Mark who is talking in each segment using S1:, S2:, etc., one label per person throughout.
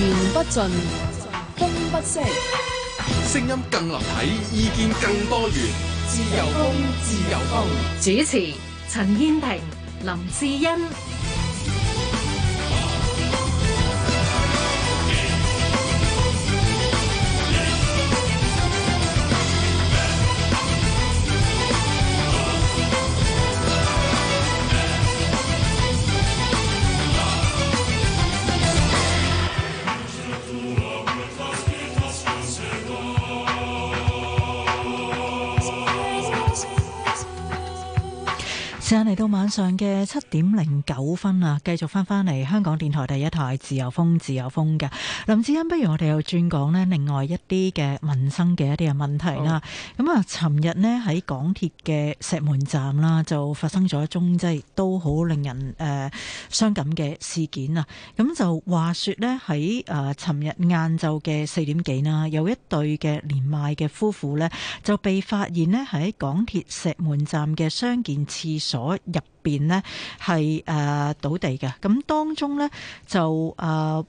S1: 言不盡，風不息，
S2: 聲音更立體，意見更多元，自由風，自由風。
S3: 主持：陳燕婷、
S1: 林志欣。時間嚟到晚上嘅七點零九分啊，繼續翻翻嚟香港電台第一台《自由風》，自由風嘅林志欣，不如我哋又轉講咧另外一啲嘅民生嘅一啲嘅問題啦。咁啊，尋日咧喺港鐵嘅石門站啦，就發生咗一宗即係都好令人誒傷感嘅事件啊。咁就話說咧，喺誒尋日晏晝嘅四點幾啦，有一對嘅年邁嘅夫婦咧就被發現咧喺港鐵石門站嘅傷健厠所。入邊呢係誒、呃、倒地嘅，咁當中呢，就誒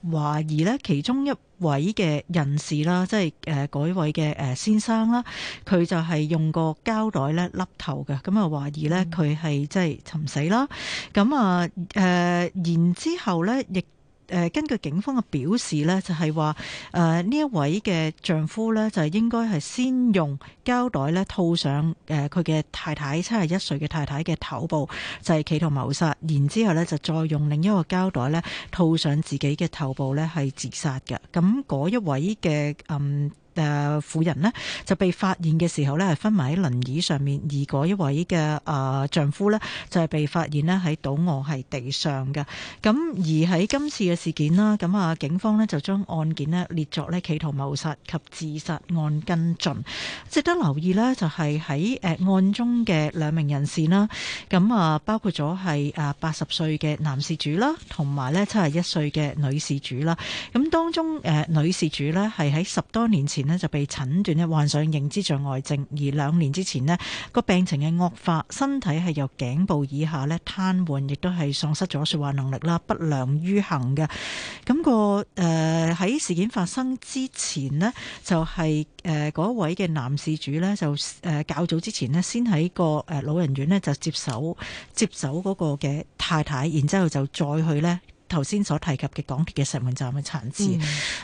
S1: 懷、呃、疑呢其中一位嘅人士啦，即係誒、呃、嗰位嘅誒先生啦，佢就係用個膠袋咧笠頭嘅，咁啊懷疑呢，佢係即係尋死啦，咁啊誒然之後咧亦。誒根據警方嘅表示咧，就係話誒呢一位嘅丈夫咧，就係應該係先用膠袋咧套上誒佢嘅太太七十一歲嘅太太嘅頭部，就係企圖謀殺，然之後呢，就再用另一個膠袋咧套上自己嘅頭部咧，係自殺嘅。咁嗰一位嘅嗯。誒、呃，婦人咧就被發現嘅時候咧，係瞓埋喺輪椅上面；而嗰一位嘅誒、呃、丈夫咧，就係、是、被發現咧喺倒卧喺地上嘅。咁而喺今次嘅事件啦，咁啊警方咧就將案件咧列作咧企圖謀殺及自殺案跟進，值得留意咧，就係、是、喺案中嘅兩名人士啦，咁啊包括咗係誒八十歲嘅男事主啦，同埋咧七十一歲嘅女事主啦。咁、啊、當中誒、呃、女事主咧係喺十多年前。呢就被診斷呢患上認知障礙症，而兩年之前呢個病情嘅惡化，身體係由頸部以下呢癱瘓，亦都係喪失咗說話能力啦，不良於行嘅。咁個誒喺事件發生之前呢，就係誒嗰一位嘅男事主呢，就誒較早之前呢先喺個誒老人院呢就接手接手嗰個嘅太太，然之後就再去呢。頭先所提及嘅港鐵嘅石門站嘅殘肢，咁、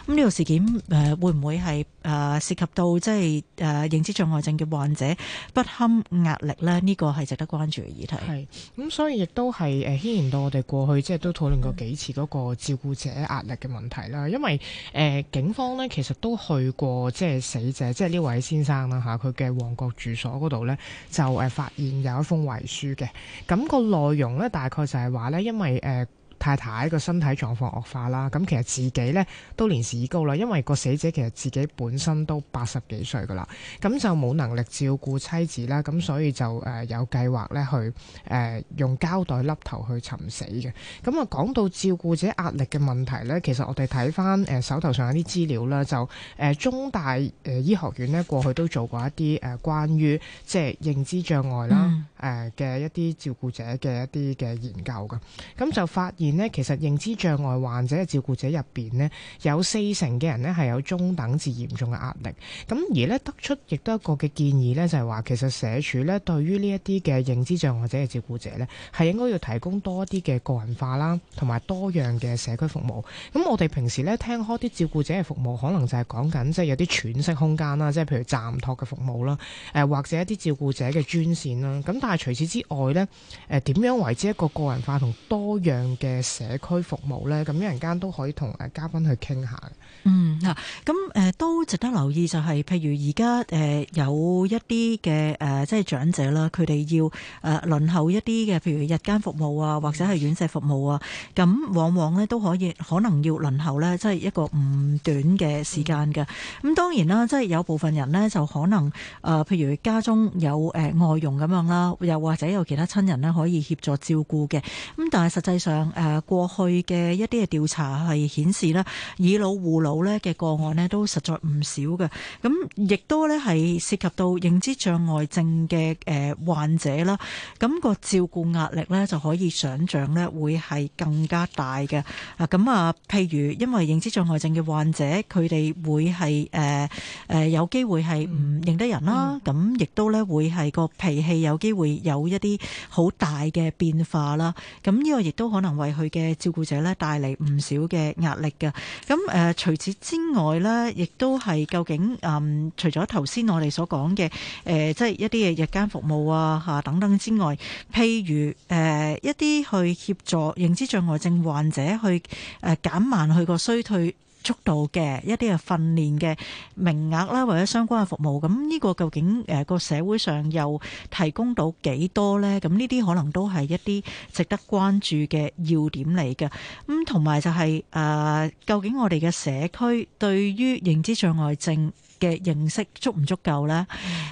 S1: 嗯、呢、這個事件誒、呃、會唔會係誒、呃、涉及到即係誒認知障礙症嘅患者不堪壓力咧？呢、這個係值得關注嘅議題。係咁、嗯，所以亦都
S3: 係誒，牽、呃、連到我哋過去即係都討論過幾次嗰個照顧者壓力嘅問題啦、嗯。因為誒、呃、警方呢，其實都去過即係死者，即係呢位先生啦吓，佢嘅旺角住所嗰度呢，就誒發現有一封遺書嘅。咁、那個內容呢，大概就係話呢，因為誒。呃太太個身體狀況惡化啦，咁其實自己咧都年事已高啦，因為個死者其實自己本身都八十幾歲噶啦，咁就冇能力照顧妻子啦，咁所以就誒有計劃咧去誒、呃、用膠袋笠頭去尋死嘅。咁啊，講到照顧者壓力嘅問題咧，其實我哋睇翻誒手頭上有啲資料啦，就誒中大誒醫學院咧過去都做過一啲誒關於即係認知障礙啦誒嘅一啲照顧者嘅一啲嘅研究噶，咁就發現。呢，其實認知障礙患者嘅照顧者入邊呢，有四成嘅人呢係有中等至嚴重嘅壓力。咁而呢得出亦都一個嘅建議呢就係話其實社署呢對於呢一啲嘅認知障礙者嘅照顧者呢，係應該要提供多啲嘅個人化啦，同埋多樣嘅社區服務。咁我哋平時呢聽開啲照顧者嘅服務，可能就係講緊即係有啲喘息空間啦，即係譬如暫托嘅服務啦，誒或者一啲照顧者嘅專線啦。咁但係除此之外呢，誒點樣為之一個個人化同多樣嘅？社區服務咧，咁一陣間都可以同誒嘉賓去傾下嘅。嗯，
S1: 嗱，咁、呃、誒都值得留意就係、是，譬如而家誒有一啲嘅誒，即係長者啦，佢哋要誒、呃、輪候一啲嘅，譬如日間服務啊，或者係院舍服務啊，咁往往呢都可以可能要輪候呢，即係一個唔短嘅時間嘅。咁當然啦，即係有部分人呢，就可能誒、呃，譬如家中有誒、呃、外傭咁樣啦，又或者有其他親人呢，可以協助照顧嘅。咁但係實際上誒。呃誒過去嘅一啲嘅調查係顯示啦，以老護老咧嘅個案咧都實在唔少嘅，咁亦都咧係涉及到認知障礙症嘅誒患者啦，咁個照顧壓力咧就可以想像咧會係更加大嘅。啊，咁啊，譬如因為認知障礙症嘅患者，佢哋會係誒誒有機會係唔認得人啦，咁亦都咧會係個脾氣有機會有一啲好大嘅變化啦。咁呢個亦都可能為佢嘅照顧者咧，帶嚟唔少嘅壓力㗎。咁、呃、除此之外咧，亦都係究竟、嗯、除咗頭先我哋所講嘅、呃、即係一啲嘅日間服務啊，吓，等等之外，譬如、呃、一啲去協助認知障礙症患者去誒、呃、減慢佢個衰退。足到嘅一啲嘅訓練嘅名額啦，或者相關嘅服務，咁呢個究竟誒個社會上又提供到幾多咧？咁呢啲可能都係一啲值得關注嘅要點嚟嘅。咁同埋就係、是、誒、呃、究竟我哋嘅社區對於認知障礙症嘅認識足唔足夠咧？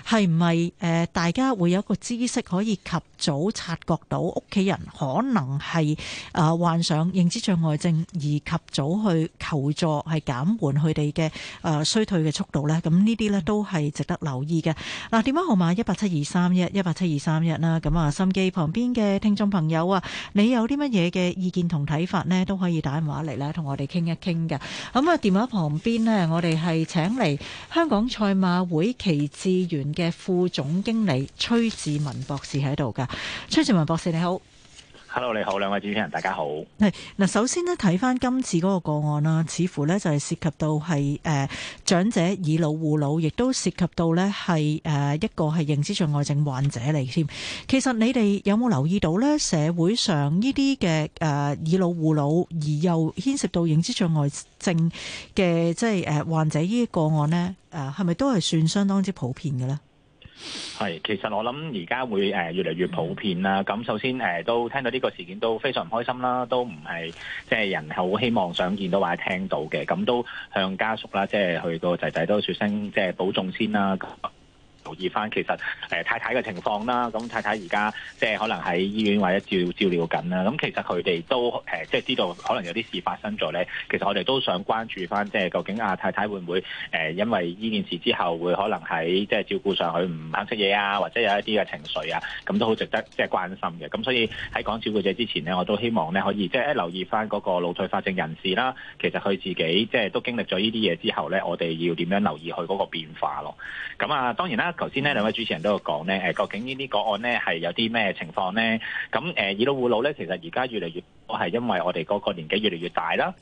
S1: 係唔係誒大家會有一個知識可以及早察覺到屋企人可能係誒患上認知障礙症，而及早去求助，係減緩佢哋嘅誒衰退嘅速度呢。咁呢啲呢都係值得留意嘅。嗱、啊，電話號碼一八七二三一一八七二三一啦。咁啊，心機旁邊嘅聽眾朋友啊，你有啲乜嘢嘅意見同睇法呢，都可以打電話嚟咧，同我哋傾一傾嘅。咁啊，電話旁邊呢，我哋係請嚟香港賽馬會耆智園嘅副總經理崔志文博士喺度嘅。崔志文博士你好
S4: ，Hello，你好，兩位主持人大家好。
S1: 係嗱，首先呢睇返今次嗰個個案啦，似乎呢就係涉及到係誒長者以老護老，亦都涉及到呢係誒一個係認知障礙症患者嚟添。其實你哋有冇留意到呢？社會上呢啲嘅誒以老護老，而又牽涉到認知障礙症嘅即係誒患者呢個案呢，誒係咪都係算相當之普遍嘅呢？
S4: 係，其實我諗而家會誒越嚟越普遍啦。咁首先誒，都聽到呢個事件都非常唔開心啦，都唔係即係人好希望想見到或者聽到嘅。咁都向家屬啦，即係去個仔仔都說聲即係保重先啦。留意翻其實誒太太嘅情況啦，咁太太而家即係可能喺醫院或者照照料緊啦，咁其實佢哋都即係知道可能有啲事發生咗咧。其實我哋都想關注翻，即係究竟阿太太會唔會誒因為呢件事之後會可能喺即係照顧上佢唔肯食嘢啊，或者有一啲嘅情緒啊，咁都好值得即係關心嘅。咁所以喺講照顧者之前咧，我都希望咧可以即係留意翻嗰個腦退化症人士啦，其實佢自己即係都經歷咗呢啲嘢之後咧，我哋要點樣留意佢嗰個變化咯。咁啊，當然啦～頭先呢兩位主持人都有講咧，誒，究竟呢啲個案咧係有啲咩情況咧？咁誒，以老護老咧，其實而家越嚟越多係因為我哋個個年紀越嚟越大啦。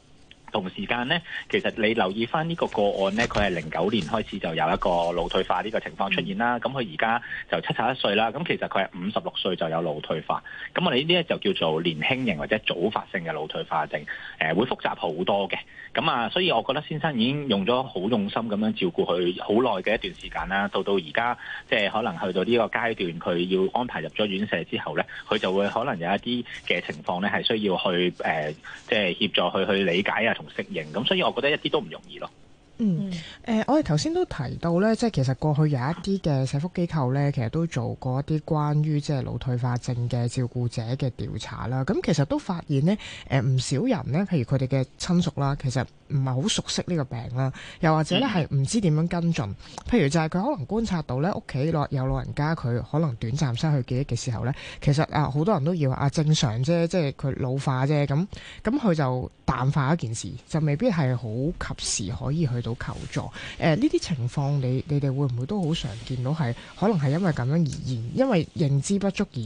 S4: 同時間咧，其實你留意翻呢個個案咧，佢係零九年開始就有一個腦退化呢個情況出現啦。咁佢而家就七十一歲啦。咁其實佢係五十六歲就有腦退化。咁我哋呢啲咧就叫做年輕型或者早發性嘅腦退化症，誒會複雜好多嘅。咁啊，所以我覺得先生已經用咗好用心咁樣照顧佢好耐嘅一段時間啦。到到而家即係可能去到呢個階段，佢要安排入咗院舍之後咧，佢就會可能有一啲嘅情況咧係需要去、呃、即係協助佢去理解啊。適應咁，所以我覺得一啲都唔容易咯。
S3: 嗯，誒、呃，我哋頭先都提到咧，即係其實過去有一啲嘅社福機構咧，其實都做過一啲關於即係腦退化症嘅照顧者嘅調查啦。咁其實都發現咧，誒唔少人咧，譬如佢哋嘅親屬啦，其實唔係好熟悉呢個病啦，又或者咧係唔知點樣跟進、嗯、譬如就係佢可能觀察到咧，屋企落有老人家佢可能短暫失去記憶嘅時候咧，其實啊好多人都以為啊正常啫，即係佢老化啫。咁咁佢就淡化一件事，就未必係好及時可以去。到求助，誒呢啲情況，你你哋會唔會都好常見到是？係可能係因為咁樣而延，因為認知不足而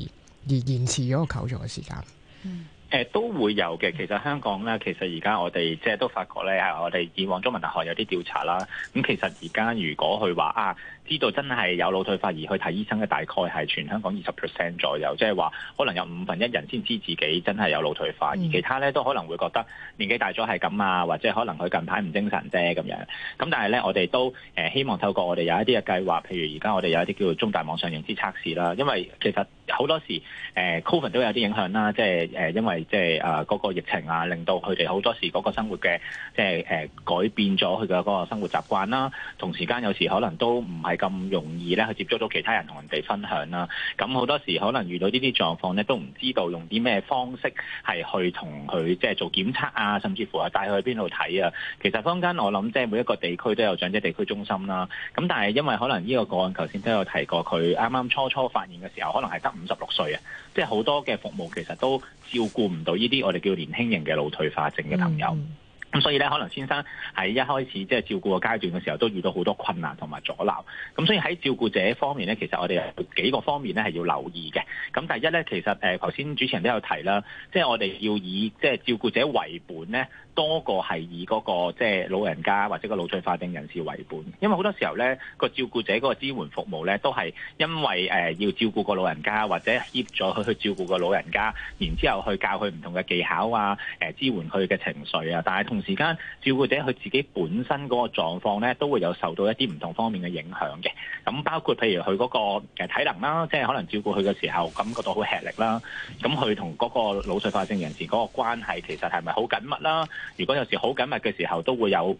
S3: 而延遲咗個求助嘅時間。嗯，
S4: 誒都會有嘅。其實香港咧，其實而家我哋即係都發覺咧，係我哋以往中文大學有啲調查啦。咁其實而家如果佢話啊。知道真係有腦退化而去睇醫生嘅大概係全香港二十 percent 左右，即係話可能有五分一人先知自己真係有腦退化，而，就是化嗯、而其他咧都可能會覺得年紀大咗係咁啊，或者可能佢近排唔精神啫咁樣。咁但係咧，我哋都希望透過我哋有一啲嘅計劃，譬如而家我哋有一啲叫做中大網上認知測試啦，因為其實好多時 COVID 都有啲影響啦，即係因為即係嗰個疫情啊，令到佢哋好多時嗰個生活嘅即係改變咗佢嘅嗰個生活習慣啦，同時間有時可能都唔係。咁容易咧去接觸到其他人同人哋分享啦，咁好多時可能遇到呢啲狀況咧，都唔知道用啲咩方式係去同佢即係做檢測啊，甚至乎係帶佢去邊度睇啊。其實坊間我諗即係每一個地區都有長者地區中心啦，咁但係因為可能呢個個案，頭先都有提過，佢啱啱初初發現嘅時候可能係得五十六歲啊，即係好多嘅服務其實都照顧唔到呢啲我哋叫年輕型嘅腦退化症嘅朋友。嗯咁所以咧，可能先生喺一開始即係照顧嘅階段嘅時候，都遇到好多困難同埋阻撓。咁所以喺照顧者方面咧，其實我哋有幾個方面咧係要留意嘅。咁第一咧，其實誒頭先主持人都有提啦，即係我哋要以即係照顧者為本咧。多過係以嗰個即係老人家或者個腦退化症人士為本，因為好多時候咧，個照顧者嗰個支援服務咧都係因為誒要照顧個老人家或者協助佢去照顧個老人家，然之後去教佢唔同嘅技巧啊，誒支援佢嘅情緒啊。但係同時間照顧者佢自己本身嗰個狀況咧都會有受到一啲唔同方面嘅影響嘅。咁包括譬如佢嗰個誒體能啦，即係可能照顧佢嘅時候感覺到好吃力啦，咁佢同嗰個腦退化症人士嗰個關係其實係咪好緊密啦？如果有時好緊密嘅時候，都會有。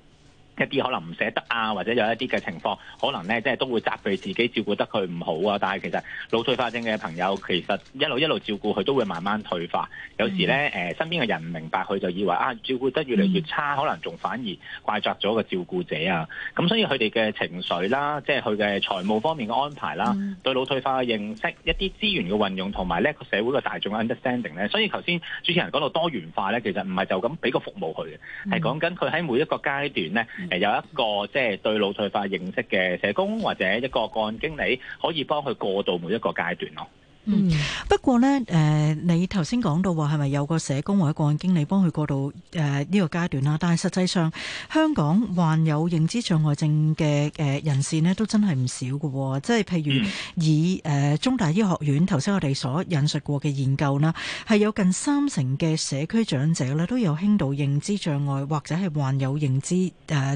S4: 一啲可能唔捨得啊，或者有一啲嘅情況可能咧即係都會責備自己照顧得佢唔好啊。但係其實腦退化症嘅朋友其實一路一路照顧佢，都會慢慢退化。有時咧誒、mm. 身邊嘅人唔明白佢，就以為啊照顧得越嚟越差，mm. 可能仲反而怪責咗個照顧者啊。咁所以佢哋嘅情緒啦，即係佢嘅財務方面嘅安排啦，mm. 對腦退化嘅認識，一啲資源嘅運用同埋呢個社會嘅大眾 understanding 咧。所以頭先主持人講到多元化咧，其實唔係就咁俾個服務佢嘅，係講緊佢喺每一個階段咧。Mm. 有一個即係對腦退化認識嘅社工或者一個個案經理，可以幫佢過渡每一個階段咯。
S1: 嗯，不過咧，誒、呃、你頭先講到話係咪有個社工或者個案經理幫佢過渡誒呢個階段啦？但係實際上，香港患有認知障礙症嘅誒人士咧，都真係唔少嘅，哦。即係譬如以誒、呃、中大醫學院頭先我哋所引述過嘅研究啦，係有近三成嘅社區長者咧都有輕度認知障礙或者係患有認知誒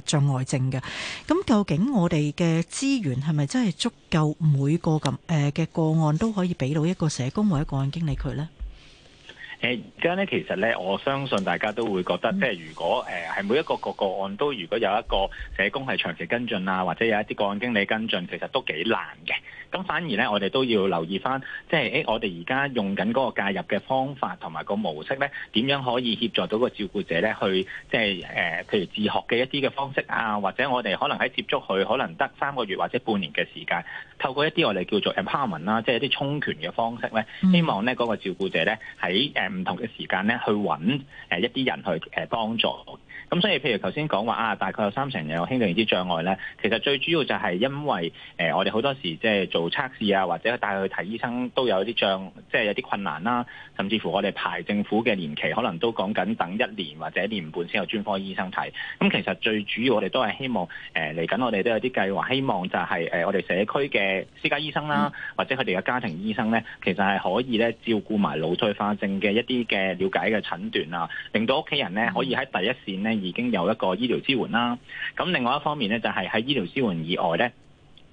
S1: 障礙症嘅。咁究竟我哋嘅資源係咪真係足夠每個咁誒嘅個案都可以俾到？每一個社工或者個案經理佢呢、誒、
S4: 而家咧，其實咧，我相信大家都會覺得，嗯、即係如果誒係、呃、每一個個個案都如果有一個社工係長期跟進啊，或者有一啲個個案經理跟進，其實都幾難嘅。咁反而咧，我哋都要留意翻，即係誒、欸、我哋而家用緊嗰個介入嘅方法同埋個模式咧，點樣可以協助到個照顧者咧，去即係誒、呃、譬如自學嘅一啲嘅方式啊，或者我哋可能喺接觸佢可能得三個月或者半年嘅時間，透過一啲我哋叫做 empowerment 啦，即係一啲充權嘅方式咧、嗯，希望咧嗰、那個照顧者咧喺誒唔同嘅時間咧去揾誒一啲人去誒幫助。咁所以譬如頭先講話啊，大概有三成有輕度認知障礙咧，其實最主要就係因為誒、呃、我哋好多時即係。做。做測試啊，或者帶佢去睇醫生都有啲障，即係有啲困難啦、啊。甚至乎我哋排政府嘅年期，可能都講緊等一年或者一年半先有專科醫生睇。咁其實最主要我哋都係希望，誒嚟緊我哋都有啲計劃，希望就係、是、誒、呃、我哋社區嘅私家醫生啦、啊嗯，或者佢哋嘅家庭醫生咧，其實係可以咧照顧埋腦退化症嘅一啲嘅了解嘅診斷啊，令到屋企人咧、嗯、可以喺第一線咧已經有一個醫療支援啦、啊。咁另外一方面咧，就係、是、喺醫療支援以外咧。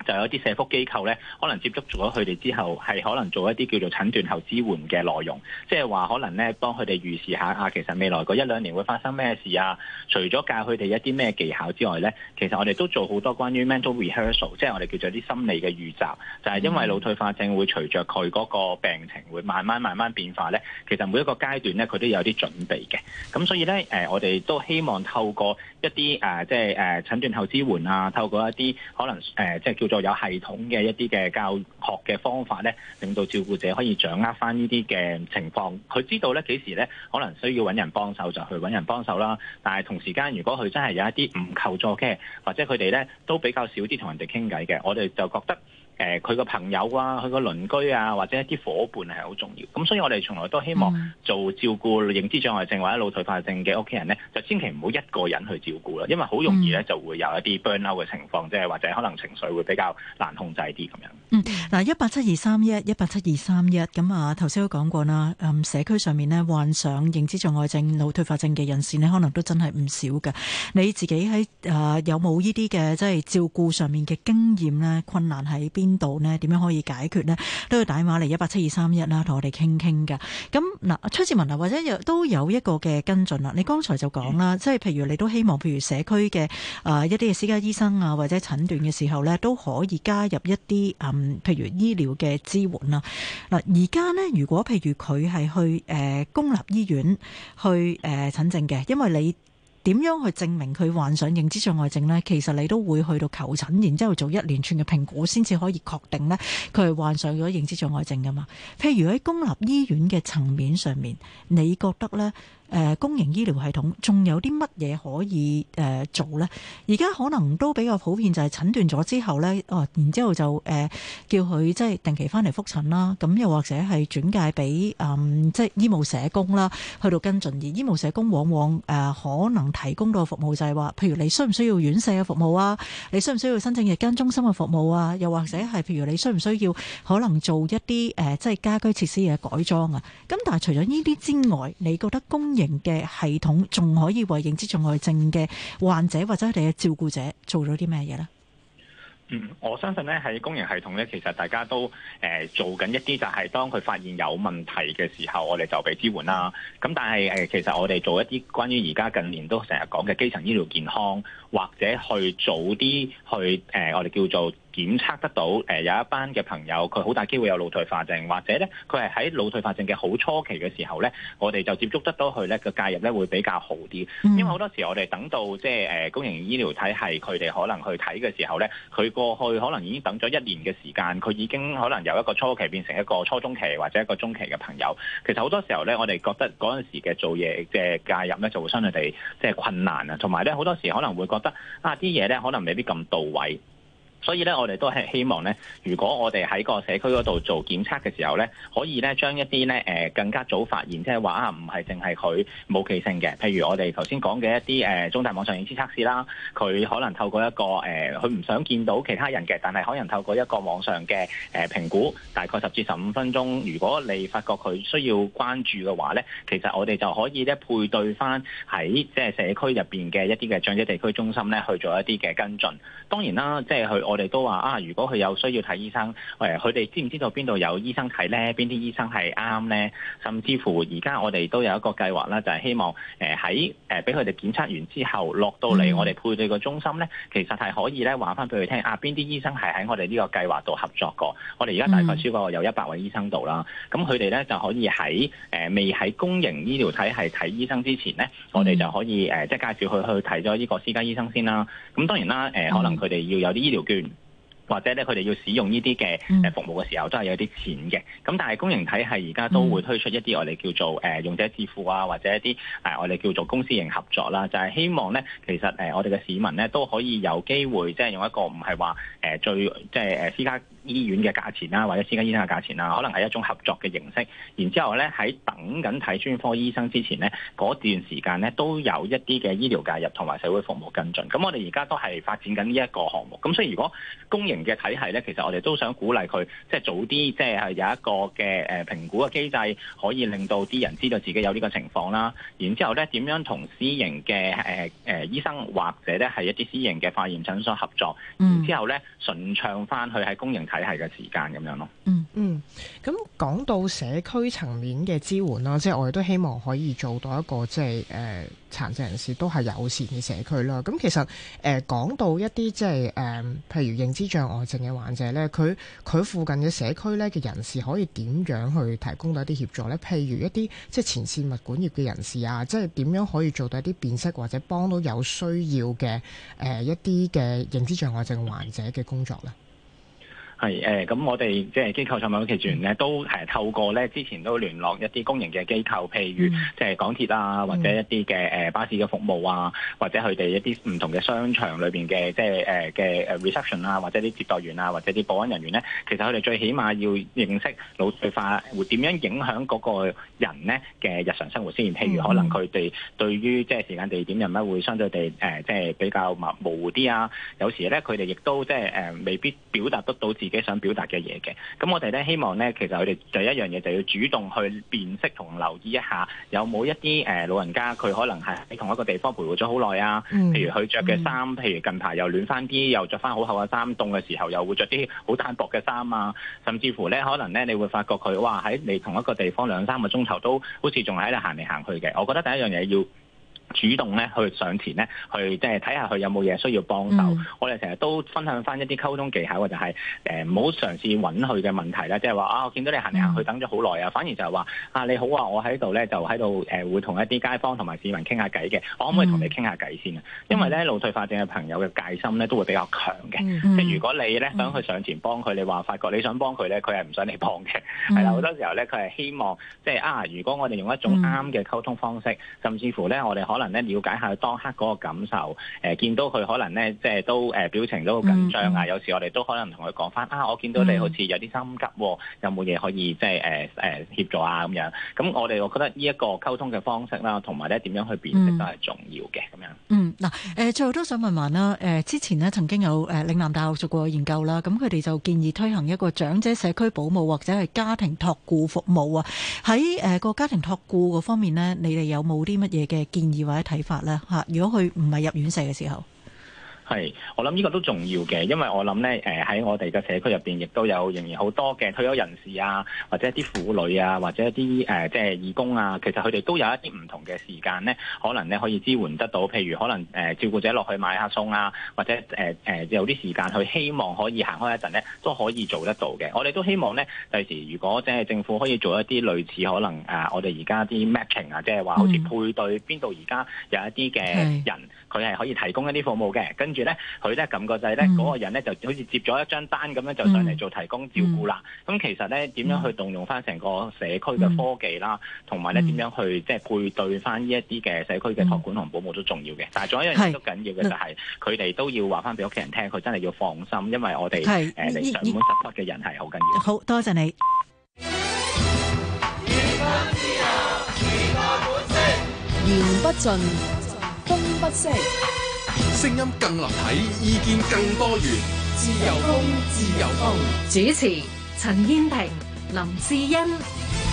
S4: 就有啲社福機構咧，可能接觸咗佢哋之後，係可能做一啲叫做診斷後支援嘅內容，即係話可能咧幫佢哋預示下啊，其實未來一兩年會發生咩事啊？除咗教佢哋一啲咩技巧之外咧，其實我哋都做好多關於 mental rehearsal，即係我哋叫做啲心理嘅預習。就係、是、因為腦退化症會隨着佢嗰個病情會慢慢慢慢變化咧，其實每一個階段咧佢都有啲準備嘅。咁所以咧我哋都希望透過一啲誒即係誒診斷後支援啊，透過一啲可能即係、啊就是、叫做有系統嘅一啲嘅教學嘅方法咧，令到照顧者可以掌握翻呢啲嘅情況。佢知道咧幾時咧，可能需要揾人幫手，就去揾人幫手啦。但係同時間，如果佢真係有一啲唔求助嘅，或者佢哋咧都比較少啲同人哋傾偈嘅，我哋就覺得。誒，佢個朋友啊，佢個鄰居啊，或者一啲伙伴係好重要的。咁所以我哋從來都希望做照顧認知障礙症或者腦退化症嘅屋企人呢，就千祈唔好一個人去照顧啦，因為好容易呢，就會有一啲 burnout 嘅情況，即係或者可能情緒會比較難控制啲咁樣。
S1: 嗯，嗱，一八七二三一，一八七二三一。咁啊，頭先都講過啦，社區上面呢，患上認知障礙症、腦退化症嘅人士呢，可能都真係唔少嘅。你自己喺誒有冇呢啲嘅即係照顧上面嘅經驗呢？困難喺邊？邊度呢？點樣可以解決呢？都要打電話嚟一八七二三一啦，同我哋傾傾噶。咁嗱，崔志文啊，或者有都有一個嘅跟進啦。你剛才就講啦，即係譬如你都希望，譬如社區嘅啊一啲嘅私家醫生啊，或者診斷嘅時候呢，都可以加入一啲嗯，譬如醫療嘅支援啦。嗱，而家呢，如果譬如佢係去誒公立醫院去誒診症嘅，因為你。點樣去證明佢患上認知障礙症呢？其實你都會去到求診，然之後做一連串嘅評估，先至可以確定呢，佢係患上咗認知障礙症㗎嘛？譬如喺公立醫院嘅層面上面，你覺得呢？誒，公營醫療系統仲有啲乜嘢可以誒做呢？而家可能都比較普遍就係診斷咗之後呢，哦，然之後就誒叫佢即係定期翻嚟覆診啦。咁又或者係轉介俾即係醫務社工啦，去到跟進。而醫務社工往往誒、呃、可能提供到嘅服務就係話，譬如你需唔需要院舍嘅服務啊？你需唔需要申請日間中心嘅服務啊？又或者係譬如你需唔需要可能做一啲誒即係家居設施嘅改裝啊？咁但係除咗呢啲之外，你覺得公型嘅系統仲可以為認知障礙症嘅患者或者係你嘅照顧者做咗啲咩嘢咧？
S4: 嗯，我相信咧喺公營系統咧，其實大家都誒做緊一啲就係當佢發現有問題嘅時候，我哋就俾支援啦。咁但係誒，其實我哋做一啲關於而家近年都成日講嘅基層醫療健康。或者去早啲去誒、呃，我哋叫做檢測得到誒、呃、有一班嘅朋友佢好大機會有腦退化症，或者咧佢係喺腦退化症嘅好初期嘅時候咧，我哋就接觸得到佢咧個介入咧會比較好啲。因為好多時我哋等到即係誒公營醫療體系佢哋可能去睇嘅時候咧，佢過去可能已經等咗一年嘅時間，佢已經可能由一個初期變成一個初中期或者一個中期嘅朋友。其實好多時候咧，我哋覺得嗰陣時嘅做嘢即係、即係、介入咧就會相對哋即係困難啊，同埋咧好多時可能會。覺得啊啲嘢咧，可能未必咁到位。所以咧，我哋都係希望咧，如果我哋喺個社區嗰度做檢測嘅時候咧，可以咧將一啲咧誒更加早發現，即係話啊，唔係淨係佢冇記性嘅。譬如我哋頭先講嘅一啲誒中大網上認知測試啦，佢可能透過一個誒佢唔想見到其他人嘅，但係可能透過一個網上嘅誒評估，大概十至十五分鐘，如果你發覺佢需要關注嘅話咧，其實我哋就可以咧配對翻喺即係社區入邊嘅一啲嘅長者地區中心咧去做一啲嘅跟進，當然啦，即係去。 我哋都話啊，如果佢有需要睇醫生，誒，佢哋知唔知道邊度有醫生睇咧？邊啲醫生係啱咧？甚至乎而家我哋都有一個計劃啦，就係、是、希望誒喺誒俾佢哋檢測完之後，落到嚟我哋配對個中心咧，mm. 其實係可以咧話返俾佢聽啊，邊啲醫生係喺我哋呢個計劃度合作過。我哋而家大概超過有一百位醫生度啦。咁佢哋咧就可以喺誒未喺公營醫療體系睇醫生之前咧，我哋就可以誒即係介紹佢去睇咗呢個私家醫生先啦。咁當然啦，誒可能佢哋要有啲醫療券。或者咧，佢哋要使用呢啲嘅服務嘅時候都，都係有啲錢嘅。咁但係公營體系而家都會推出一啲我哋叫做用者自付啊，或者一啲我哋叫做公司型合作啦，就係、是、希望咧，其實我哋嘅市民咧都可以有機會，即係用一個唔係話最即係誒私家。醫院嘅價錢啦，或者私家醫生嘅價錢啦，可能係一種合作嘅形式。然之後咧，喺等緊睇專科醫生之前咧，嗰段時間咧都有一啲嘅醫療介入同埋社會服務跟進。咁我哋而家都係發展緊呢一個項目。咁所以如果公營嘅體系咧，其實我哋都想鼓勵佢，即係早啲，即係有一個嘅誒評估嘅機制，可以令到啲人知道自己有呢個情況啦。然之後咧，點樣同私營嘅誒誒醫生或者咧係一啲私營嘅化驗診所合作？然後之後咧，順暢翻去喺公營體系體系嘅時間咁
S3: 樣咯。嗯嗯，咁講到社區層面嘅支援啦，即係我哋都希望可以做到一個即係誒，殘疾人士都係友善嘅社區啦。咁其實誒，講到一啲即係誒，譬如認知障礙症嘅患者咧，佢佢附近嘅社區咧嘅人士可以點樣去提供到一啲協助咧？譬如一啲即係前綫物管業嘅人士啊，即係點樣可以做到一啲辨識或者幫到有需要嘅誒一啲嘅認知障礙症患者嘅工作咧？
S4: 係誒，咁我哋即係機構在屋企住團咧，都係透過咧之前都聯絡一啲公營嘅機構，譬如即係港鐵啊，或者一啲嘅巴士嘅服務啊，或者佢哋一啲唔同嘅商場裏面嘅即係嘅 reception 啊，或者啲接待員啊，或者啲保安人員咧，其實佢哋最起碼要認識老齡化會點樣影響嗰個人咧嘅日常生活先。譬如可能佢哋對於即係時間地點人咧，會相對地即係比較模糊啲啊。有時咧佢哋亦都即係未必表達得到自自己想表達嘅嘢嘅，咁我哋咧希望咧，其實佢哋第一樣嘢就要主動去辨識同留意一下有沒有一，有冇一啲誒老人家佢可能係喺同一個地方徘徊咗好耐啊，譬如佢着嘅衫，譬如近排又暖翻啲，又着翻好厚嘅衫，凍嘅時候又會着啲好單薄嘅衫啊，甚至乎咧可能咧，你會發覺佢哇喺你同一個地方兩三個鐘頭都好似仲喺度行嚟行去嘅，我覺得第一樣嘢要。主動咧去上前咧，去即係睇下佢有冇嘢需要幫手、嗯。我哋成日都分享翻一啲溝通技巧嘅，就係唔好嘗試揾佢嘅問題咧，即係話啊，我見到你行嚟行去等咗好耐啊。反而就係話啊，你好啊，我喺度咧，就喺度誒會同一啲街坊同埋市民傾下偈嘅。我可唔可以同你傾下偈先啊？因為咧腦退化症嘅朋友嘅戒心咧都會比較強嘅、嗯。即係如果你咧、嗯、想去上前幫佢，你話發覺你想幫佢咧，佢係唔想你幫嘅。係、嗯、啦，好多時候咧，佢係希望即係啊，如果我哋用一種啱嘅溝通方式，嗯、甚至乎咧我哋可。可能咧了解下佢當刻嗰個感受，誒見到佢可能咧，即係都誒表情都好緊張啊、嗯嗯！有時我哋都可能同佢講翻啊，我見到你好似有啲心急，嗯、有冇嘢可以即係誒誒協助啊？咁樣咁，我哋我覺得呢一個溝通嘅方式啦，同埋咧點樣去辨識都係重要嘅咁、嗯、樣。
S1: 嗯，嗱誒，最後都想問問啦，誒之前咧曾經有誒嶺南大學做過研究啦，咁佢哋就建議推行一個長者社區保姆或者係家庭托顧服務啊。喺誒個家庭托顧嗰方面呢，你哋有冇啲乜嘢嘅建議？或者睇法咧吓，如果佢唔係入院世嘅時候。
S4: 係，我諗呢個都重要嘅，因為我諗咧，誒、呃、喺我哋嘅社區入邊亦都有仍然好多嘅退休人士啊，或者一啲婦女啊，或者一啲誒即係義工啊，其實佢哋都有一啲唔同嘅時間咧，可能咧可以支援得到，譬如可能誒、呃、照顧者落去買下餸啊，或者誒、呃呃、有啲時間去希望可以行開一陣咧，都可以做得到嘅。我哋都希望咧，第時如果即係政府可以做一啲類似可能誒、呃，我哋而家啲 matching 啊，即係話好似配對邊度而家有一啲嘅人，佢係可以提供一啲服務嘅，跟住住咧，佢咧感覺就係，嗰個人咧就好似接咗一張單咁樣就上嚟做提供照顧啦。咁其實咧，點樣去動用翻成個社區嘅科技啦，同埋咧點樣去即係配對翻呢一啲嘅社區嘅託管同保姆都重要嘅。但係仲有一樣嘢都緊要嘅就係，佢哋都要話翻俾屋企人聽，佢真係要放心，因為我哋誒嚟上門實習嘅人係好緊要。
S1: 好多謝你。
S2: 聲音更立體，意見更多元。自由風，自由風。
S1: 主持：陳
S4: 燕婷、林志欣。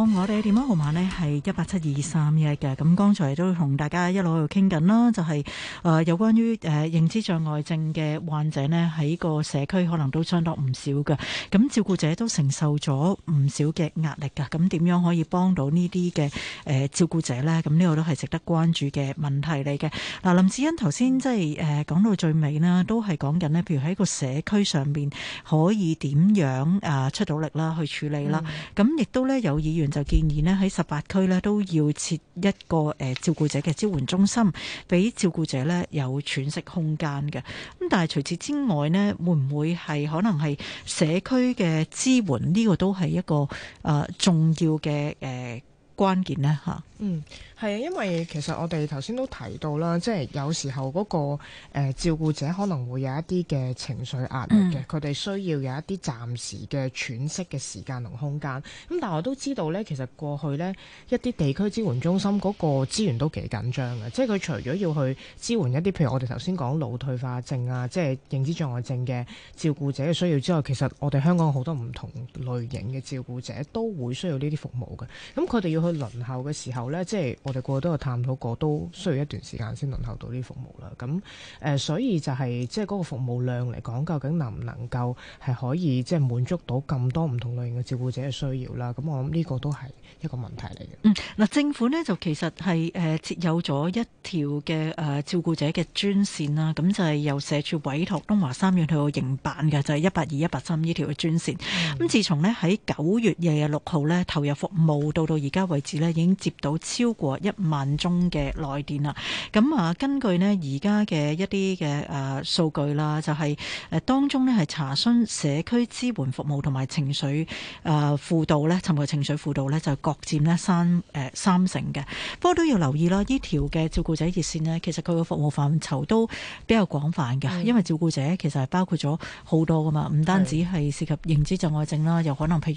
S1: 我哋嘅電話號碼呢係一八七二三一嘅。咁剛才都同大家一路喺度傾緊啦，就係、是、誒、呃、有關於誒、呃、認知障礙症嘅患者呢，喺個社區可能都相當唔少㗎。咁照顧者都承受咗唔少嘅壓力㗎。咁點樣可以幫到呢啲嘅誒照顧者呢？咁呢個都係值得關注嘅問題嚟嘅。嗱、呃，林志欣頭先即係誒講到最尾啦，都係講緊呢。譬如喺個社區上邊可以點樣誒、呃、出到力啦，去處理啦。咁、嗯、亦都呢，有議員。就建議咧喺十八區咧都要設一個誒照顧者嘅支援中心，俾照顧者咧有喘息空間嘅。咁但係除此之外咧，會唔會係可能係社區嘅支援呢、呢個都係一個誒、呃、重要嘅誒、呃、關鍵咧嚇？嗯，
S3: 係啊，因為其實我哋頭先都提到啦，即係有時候嗰、個、呃、照顧者可能會有一啲嘅情緒壓力嘅，佢、嗯、哋需要有一啲暫時嘅喘息嘅時間同空間，咁但係我都知道咧，其實過去咧一啲地區支援中心嗰個資源都幾緊張嘅，即係佢除咗要去支援一啲，譬如我哋頭先講腦退化症啊，即係認知障礙症嘅照顧者嘅需要之外，其實我哋香港好多唔同類型嘅照顧者都會需要呢啲服務嘅。咁佢哋要去輪候嘅時候。咧，即係我哋過去都有探討過，都需要一段時間先輪候到呢啲服務啦。咁誒、呃，所以就係、是、即係嗰個服務量嚟講，究竟能唔能夠係可以即係滿足到咁多唔同類型嘅照顧者嘅需要啦？咁我諗呢個都係一個問題嚟嘅。嗯，
S1: 嗱，政府呢就其實係誒、呃、設有咗一條嘅誒、呃、照顧者嘅專線啦。咁就係由社署委託東華三院去到營辦嘅，就係一八二一八三呢條嘅專線。咁、嗯、自從呢，喺九月廿六號呢投入服務，到到而家為止呢已經接到超過一萬宗嘅來電啦，咁啊，根據咧而家嘅一啲嘅誒數據啦，就係、是、誒當中咧係查詢社區支援服務同埋情緒誒輔導咧，尋求情緒輔導咧就是、各佔咧三誒三成嘅。不過都要留意啦，依條嘅照顧者熱線咧，其實佢個服務範疇都比較廣泛嘅，因為照顧者其實係包括咗好多噶嘛，唔單止係涉及認知障礙症啦，又可能譬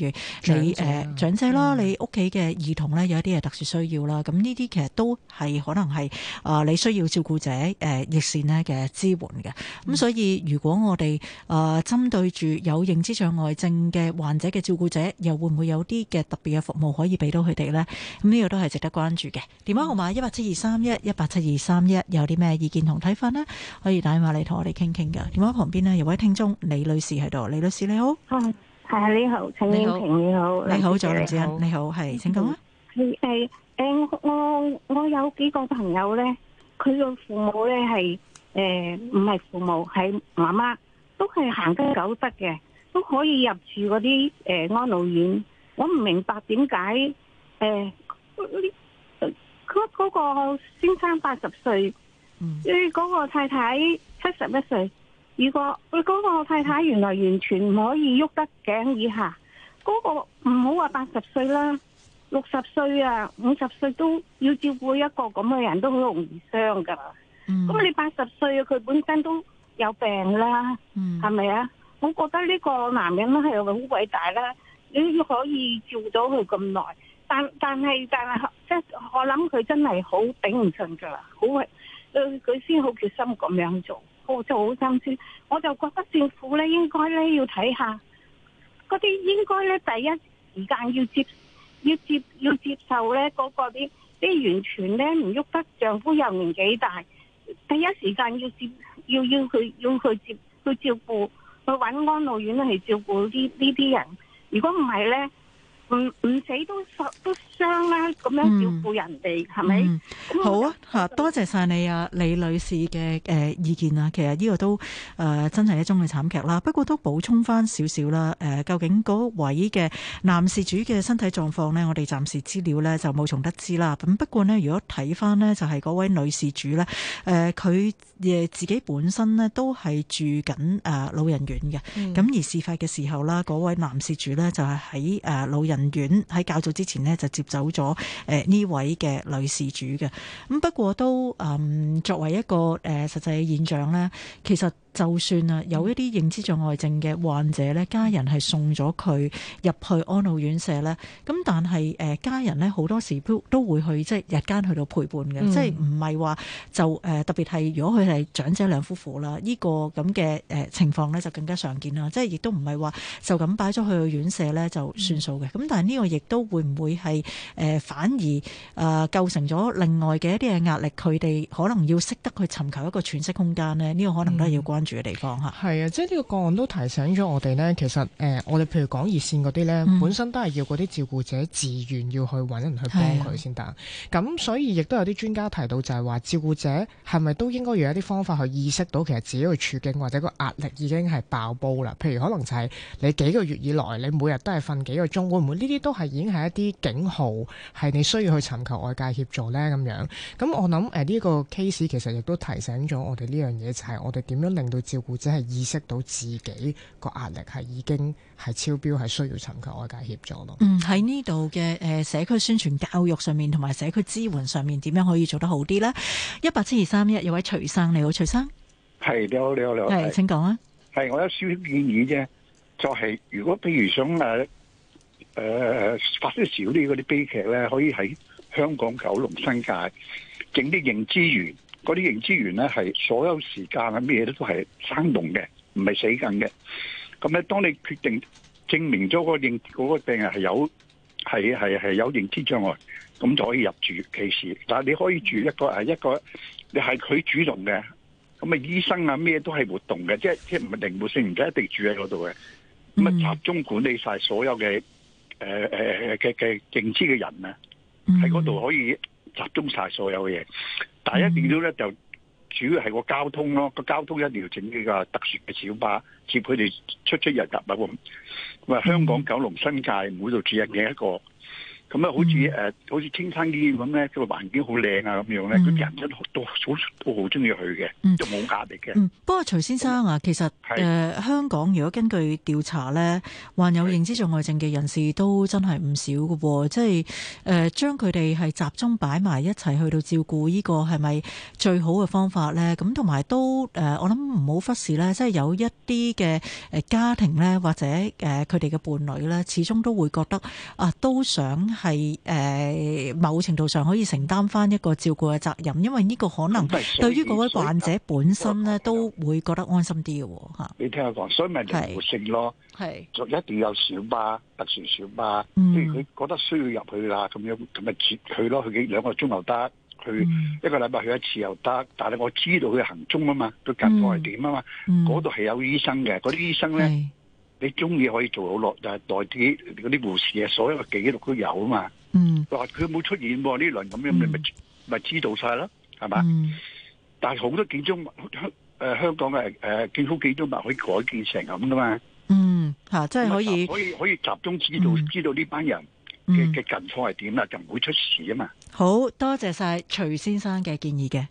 S1: 如你誒、呃、長者啦，你屋企嘅兒童咧有一啲係特殊需要。要啦，咁呢啲其實都係可能係啊，你需要照顧者誒，熱線咧嘅支援嘅。咁所以如果我哋啊，針對住有認知障礙症嘅患者嘅照顧者，又會唔會有啲嘅特別嘅服務可以俾到佢哋呢？咁、這、呢個都係值得關注嘅、啊。電話號碼一八七二三一，一八七二三一，有啲咩意見同睇法呢？可以打電話嚟同我哋傾傾噶。電話旁邊咧有位聽眾李女士喺度，李女士你好。啊，係你好，陳燕萍你好，你好。你好，仲有林主任你好，係請講啊。係、嗯
S5: 我我有幾個朋友咧，佢嘅父母咧係誒唔係父母係媽媽，都係行得走得嘅，都可以入住嗰啲誒安老院。我唔明白點解誒，嗰、呃嗰個先生八十歲，即、嗰個太太七十一歲。如果佢嗰個太太原來完全唔可以喐得頸以下，嗰、嗰個唔好話八十歲啦。六十歲啊，五十歲都要照顧一個咁嘅人都好容易傷噶。咁、嗯、你八十歲啊，佢本身都有病啦，係咪啊？我覺得呢個男人咧係好偉大啦，你可以照到佢咁耐，但但係但係即係我諗佢真係好頂唔順噶，好佢先好決心咁樣做，好就好心酸。我就覺得政府咧應該咧要睇下嗰啲，應該咧第一時間要接。要接要接受呢嗰個啲啲完全呢，唔喐得，丈夫又年紀大，第一時間要接要要佢要去接去照顧，去揾安老院去照顧呢呢啲人，如果唔係呢。唔死都受都傷啦，咁樣照顧
S1: 人哋係咪？好啊、嗯、多謝晒你啊李女士嘅意見啊，其實呢個都、呃、真係一宗嘅慘劇啦。不過都補充翻少少啦，究竟嗰位嘅男事主嘅身體狀況呢，我哋暫時資料呢就無從得知啦。咁不過呢，如果睇翻呢，就係嗰位女事主呢，佢、呃、自己本身呢都係住緊老人院嘅。咁、嗯、而事發嘅時候啦，嗰位男事主呢就係喺老人院喺較早之前呢，就接走咗誒呢位嘅女事主嘅，咁不過都誒作為一個誒實際嘅現象咧，其實。就算啊，有一啲認知障礙症嘅患者咧、嗯，家人係送咗佢入去安老院舍咧，咁但係誒家人咧好多時都都會去即係、即係、日間去到陪伴嘅、嗯，即係唔係話就誒特別係如果佢係長者兩夫婦啦，呢、個咁嘅誒情況咧就更加常見啦，即係亦都唔係話就咁擺咗佢去院舍咧就算數嘅。咁、嗯、但係呢個亦都會唔會係誒反而誒構成咗另外嘅一啲嘅壓力，佢哋可能要識得去尋求一個喘息空間咧，呢、個可能都係要關住嘅地方吓，係啊，即係呢個
S3: 個案都提醒咗我哋咧。其實誒、呃、我哋譬如講熱線嗰啲咧，本身都係要嗰啲照顧者自願要去揾人去幫佢先得。咁所以亦都有啲專家提到就，就係話照顧者係咪都應該要有啲方法去意識到其實自己嘅處境或者個壓力已經係爆煲啦。譬如可能就係你幾個月以來，你每日都係瞓幾個鐘，會唔會呢啲都係已經係一啲警號，係你需要去尋求外界協助咧咁樣。咁我諗誒呢個 case 其實亦都提醒咗我哋呢樣嘢，就係、是、我哋點樣令到照顧，者、就、係、是、意識到自己個壓力係已經係超標，係需要尋求外界協助咯。嗯，
S1: 喺呢度嘅誒社區宣傳教育上面，同埋社區支援上面，點樣可以做得好啲咧？一八七二三一，有位徐生，你好，徐生，
S2: 係你好，你好，你好，係，請講啊。係我有少少建議啫，就係、是、如果譬如想誒誒、呃、發生少啲嗰啲悲劇咧，可以喺香港九龍新界整啲認知園。嗰啲認知員咧，係所有時間啊，咩都都係生動嘅，唔係死緊嘅。咁咧，當你決定證明咗嗰認嗰個病人係有係係係有認知障礙，咁就可以入住耆智。但係，你可以住一個係一個，你係佢主動嘅。咁啊，醫生啊咩都係活動嘅，即係即係唔係靈活性，唔使一定住喺嗰度嘅。咁啊，集中管理晒所有嘅誒誒嘅嘅認知嘅人啊，喺嗰度可以。集中晒所有嘅嘢，但係一見到咧就主要係個交通咯，個交通一定要整幾個特殊嘅小巴接佢哋出出入入啊噃，咁啊，香港九龍新界每度主人嘅一個。咁咧好似誒、嗯啊、好似青山醫院咁咧，個環境好靚啊，咁樣咧，佢、嗯、人真都都好中意去嘅，就冇
S1: 壓力嘅。不過徐先生啊，其實誒、呃、香港如果根據調查咧，患有認知障礙症嘅人士都真係唔少嘅喎，即係誒將佢哋係集中擺埋一齊去到照顧呢個係咪最好嘅方法咧？咁同埋都誒、呃、我諗唔好忽視咧，即係有一啲嘅誒家庭咧，或者誒佢哋嘅伴侶咧，始終都會覺得啊，都想。係誒、呃，某程度上可以承擔翻一個照顧嘅責任，因為呢個可能對於嗰位患者本身咧、嗯、都會覺得安心啲嘅
S2: 嚇。你聽我講，所以咪靈活性咯，係就一定要有小巴、特殊小巴，即係佢覺得需要入去啦，咁樣咁啊去佢咯，佢去兩個鐘又得，佢、嗯、一個禮拜去一次又得。但係我知道佢行蹤啊嘛，佢近況係點啊嘛，嗰度係有醫生嘅，嗰啲醫生咧。你中意可以做好落，但係代替嗰啲護士嘅所有記錄都有啊嘛。嗯，話佢冇出現呢輪咁樣，嗯、你咪咪知道晒啦，係嘛，嗯？但係好多建築物香誒香港嘅、誒建好建築物可以改建成咁噶嘛？嗯，
S1: 吓即係可以，以可
S2: 以可以集中知道、嗯、知道呢班人嘅嘅近況係點啦，就唔會出事啊嘛。
S1: 好多謝晒徐先生嘅建議嘅。